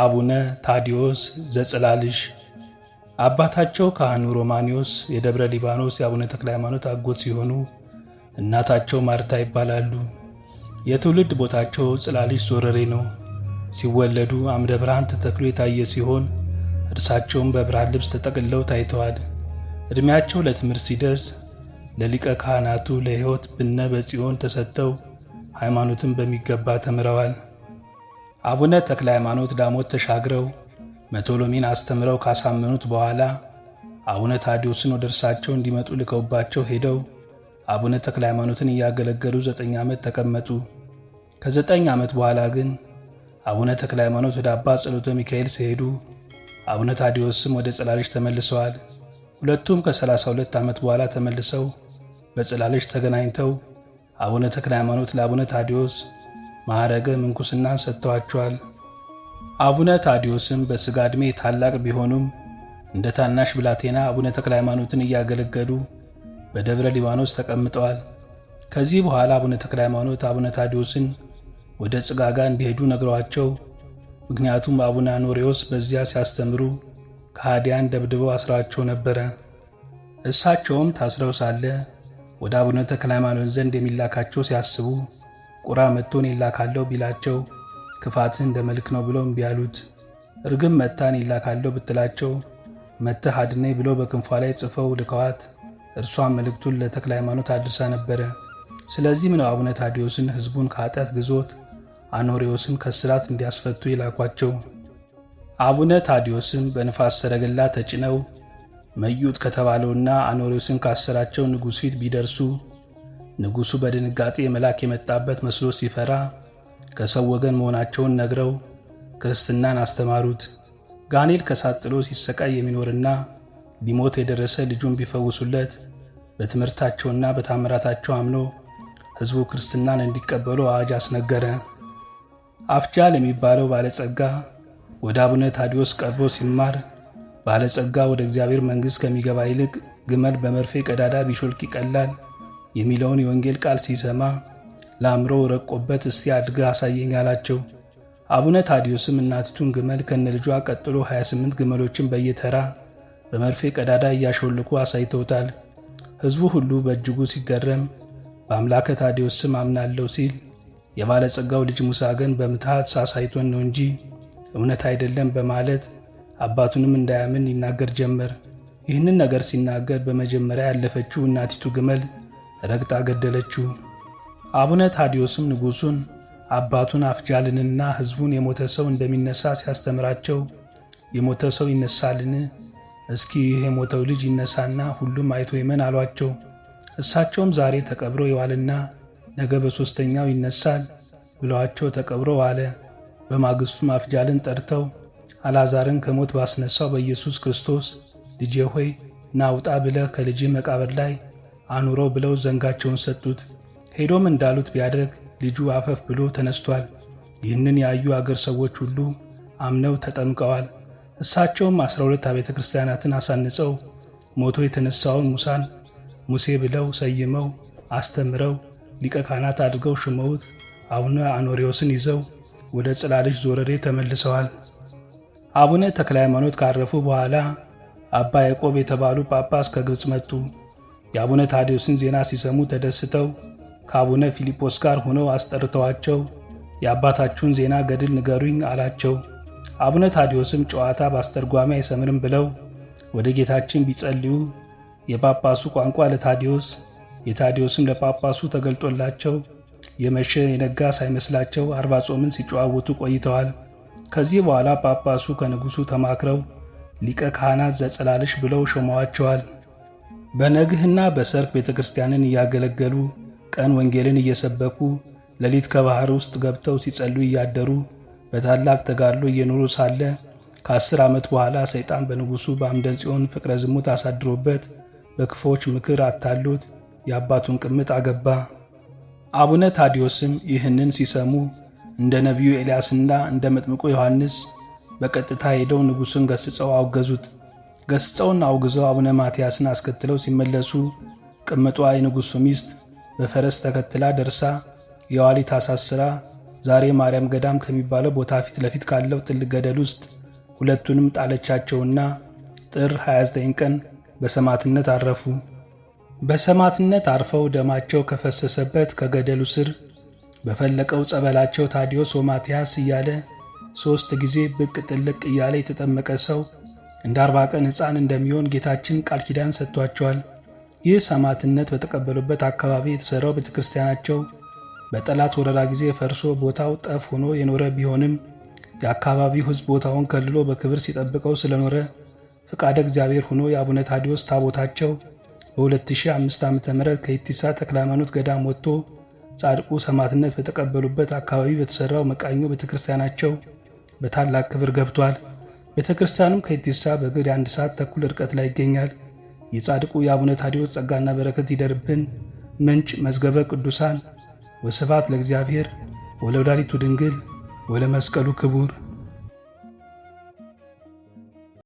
አቡነ ታዲዮስ ዘጽላልሽ አባታቸው ካህኑ ሮማኒዮስ የደብረ ሊባኖስ የአቡነ ተክለ ሃይማኖት አጎት ሲሆኑ እናታቸው ማርታ ይባላሉ። የትውልድ ቦታቸው ጽላልሽ ዞረሬ ነው። ሲወለዱ አምደ ብርሃን ተተክሎ የታየ ሲሆን እርሳቸውም በብርሃን ልብስ ተጠቅልለው ታይተዋል። ዕድሜያቸው ለትምህርት ሲደርስ ለሊቀ ካህናቱ ለሕይወት ብነ በጽዮን ተሰጥተው ሃይማኖትን በሚገባ ተምረዋል። አቡነ ተክለ ሃይማኖት ዳሞት ተሻግረው መቶሎሚን አስተምረው ካሳመኑት በኋላ አቡነ ታዲዮስን ወደ እርሳቸው እንዲመጡ ልከውባቸው ሄደው አቡነ ተክለ ሃይማኖትን እያገለገሉ ዘጠኝ ዓመት ተቀመጡ። ከዘጠኝ ዓመት በኋላ ግን አቡነ ተክለ ሃይማኖት ወደ አባ ጸሎተ ሚካኤል ሲሄዱ አቡነ ታዲዮስም ወደ ጽላልሽ ተመልሰዋል። ሁለቱም ከ32 ዓመት በኋላ ተመልሰው በጽላልሽ ተገናኝተው አቡነ ተክለ ሃይማኖት ለአቡነ ታዲዮስ ማዕረገ ምንኩስናን ሰጥተዋቸዋል። አቡነ ታዲዮስም በሥጋ ዕድሜ ታላቅ ቢሆኑም እንደ ታናሽ ብላቴና አቡነ ተክለ ሃይማኖትን እያገለገሉ በደብረ ሊባኖስ ተቀምጠዋል። ከዚህ በኋላ አቡነ ተክለ ሃይማኖት አቡነ ታዲዮስን ወደ ጽጋጋ እንዲሄዱ ነግረዋቸው፣ ምክንያቱም አቡነ አኖሪዎስ በዚያ ሲያስተምሩ ከሃዲያን ደብድበው አስራቸው ነበረ። እሳቸውም ታስረው ሳለ ወደ አቡነ ተክለ ሃይማኖት ዘንድ የሚላካቸው ሲያስቡ ቁራ መጥቶ እኔ ላካለው ቢላቸው ክፋትህ እንደ መልክ ነው ብለው እምቢ አሉት። እርግብ መጥታ እኔ ላካለው ብትላቸው መጥተህ አድነኝ ብለው በክንፏ ላይ ጽፈው ልከዋት እርሷን መልእክቱን ለተክለ ሃይማኖት አድርሳ ነበረ። ስለዚህም ነው አቡነ ታዲዮስን ህዝቡን ከኃጢአት ግዞት አኖሪዎስን ከስራት እንዲያስፈቱ ይላኳቸው። አቡነ ታዲዮስም በንፋስ ሰረገላ ተጭነው መዩጥ ከተባለውና አኖሪዎስን ካሰራቸው ንጉሥ ፊት ቢደርሱ ንጉሡ በድንጋጤ መልአክ የመጣበት መስሎ ሲፈራ ከሰው ወገን መሆናቸውን ነግረው ክርስትናን አስተማሩት። ጋኔል ከሳት ጥሎ ሲሰቃይ የሚኖርና ሊሞት የደረሰ ልጁን ቢፈውሱለት በትምህርታቸውና በታምራታቸው አምኖ ሕዝቡ ክርስትናን እንዲቀበሉ አዋጅ አስነገረ። አፍጃል የሚባለው ባለጸጋ ወደ አቡነ ታዲዮስ ቀርቦ ሲማር ባለጸጋ ወደ እግዚአብሔር መንግሥት ከሚገባ ይልቅ ግመል በመርፌ ቀዳዳ ቢሾልክ ይቀላል የሚለውን የወንጌል ቃል ሲሰማ ለአእምሮ ረቆበት እስቲ አድገ አሳየኝ አላቸው። አቡነ ታዲዮስም እናቲቱን ግመል ከነልጇ ቀጥሎ 28 ግመሎችን በየተራ በመርፌ ቀዳዳ እያሾልኩ አሳይተውታል። ሕዝቡ ሁሉ በእጅጉ ሲገረም በአምላከ ታዲዮስ ስም አምናለሁ ሲል፣ የባለጸጋው ልጅ ሙሳ ግን በምትሃት ሳሳይቶን ነው እንጂ እውነት አይደለም በማለት አባቱንም እንዳያምን ይናገር ጀመር። ይህንን ነገር ሲናገር በመጀመሪያ ያለፈችው እናቲቱ ግመል ረግጣ ገደለችው። አቡነ ታዲዮስም ንጉሡን አባቱን አፍጃልንና ሕዝቡን የሞተ ሰው እንደሚነሳ ሲያስተምራቸው የሞተ ሰው ይነሳልን? እስኪ ይህ የሞተው ልጅ ይነሳና ሁሉም አይቶ ይመን አሏቸው። እሳቸውም ዛሬ ተቀብሮ ይዋልና ነገ በሦስተኛው ይነሳል ብለዋቸው ተቀብሮ ዋለ። በማግስቱም አፍጃልን ጠርተው አላዛርን ከሞት ባስነሳው በኢየሱስ ክርስቶስ ልጄ ሆይ ናውጣ ብለህ ከልጅህ መቃብር ላይ አኑረው ብለው ዘንጋቸውን ሰጡት። ሄዶም እንዳሉት ቢያደርግ ልጁ አፈፍ ብሎ ተነስቷል። ይህንን ያዩ አገር ሰዎች ሁሉ አምነው ተጠምቀዋል። እሳቸውም አስራ ሁለት አብያተ ክርስቲያናትን አሳንጸው ሞቶ የተነሳውን ሙሳን ሙሴ ብለው ሰይመው አስተምረው ሊቀ ካህናት አድርገው ሽመውት አቡነ አኖሪዎስን ይዘው ወደ ጽላልሽ ዞረሬ ተመልሰዋል። አቡነ ተክለ ሃይማኖት ካረፉ በኋላ አባ ያዕቆብ የተባሉ ጳጳስ ከግብፅ መጡ። የአቡነ ታዲዮስን ዜና ሲሰሙ ተደስተው ከአቡነ ፊልጶስ ጋር ሆነው አስጠርተዋቸው የአባታችሁን ዜና ገድል ንገሩኝ አላቸው። አቡነ ታዲዮስም ጨዋታ በአስተርጓሚ አይሰምርም ብለው ወደ ጌታችን ቢጸልዩ የጳጳሱ ቋንቋ ለታዲዮስ የታዲዮስም ለጳጳሱ ተገልጦላቸው የመሸ የነጋ ሳይመስላቸው አርባ ጾምን ሲጨዋወቱ ቆይተዋል። ከዚህ በኋላ ጳጳሱ ከንጉሡ ተማክረው ሊቀ ካህናት ዘጸላልሽ ብለው ሾመዋቸዋል። በነግህና በሰርክ ቤተ ክርስቲያንን እያገለገሉ ቀን ወንጌልን እየሰበኩ ሌሊት ከባሕር ውስጥ ገብተው ሲጸሉ እያደሩ በታላቅ ተጋድሎ እየኖሩ ሳለ ከአስር ዓመት በኋላ ሰይጣን በንጉሡ በአምደ ጽዮን ፍቅረ ዝሙት አሳድሮበት በክፎች ምክር አታሎት የአባቱን ቅምጥ አገባ። አቡነ ታዲዮስም ይህንን ሲሰሙ እንደ ነቢዩ ኤልያስና እንደ መጥምቁ ዮሐንስ በቀጥታ ሄደው ንጉሡን ገስጸው አውገዙት። ገስጸውና አውግዘው አቡነ ማትያስን አስከትለው ሲመለሱ ቅምጧ የንጉሡ ሚስት በፈረስ ተከትላ ደርሳ የዋሊት አሳስራ ዛሬ ማርያም ገዳም ከሚባለው ቦታ ፊት ለፊት ካለው ትልቅ ገደል ውስጥ ሁለቱንም ጣለቻቸውና ጥር 29 ቀን በሰማዕትነት አረፉ። በሰማዕትነት አርፈው ደማቸው ከፈሰሰበት ከገደሉ ስር በፈለቀው ጸበላቸው ታዲዮስ ወማትያስ እያለ ሦስት ጊዜ ብቅ ጥልቅ እያለ የተጠመቀ ሰው እንደ አርባ ቀን ሕፃን እንደሚሆን ጌታችን ቃል ኪዳን ሰጥቷቸዋል። ይህ ሰማዕትነት በተቀበሉበት አካባቢ የተሠራው ቤተ ክርስቲያናቸው በጠላት ወረራ ጊዜ ፈርሶ ቦታው ጠፍ ሆኖ የኖረ ቢሆንም የአካባቢው ሕዝብ ቦታውን ከልሎ በክብር ሲጠብቀው ስለኖረ ፈቃደ እግዚአብሔር ሆኖ የአቡነ ታዲዎስ ታቦታቸው በ2005 ዓ ም ከኢቲሳ ተክለሃይማኖት ገዳም ወጥቶ ጻድቁ ሰማዕትነት በተቀበሉበት አካባቢ በተሠራው መቃኞ ቤተ ክርስቲያናቸው በታላቅ ክብር ገብቷል። ቤተ ክርስቲያኑም ከኢቲሳ በእግር የአንድ ሰዓት ተኩል ርቀት ላይ ይገኛል። የጻድቁ የአቡነ ታዲዎስ ጸጋና በረከት ይደርብን። ምንጭ መዝገበ ቅዱሳን። ወስብሐት ለእግዚአብሔር ወለወላዲቱ ድንግል ወለመስቀሉ ክቡር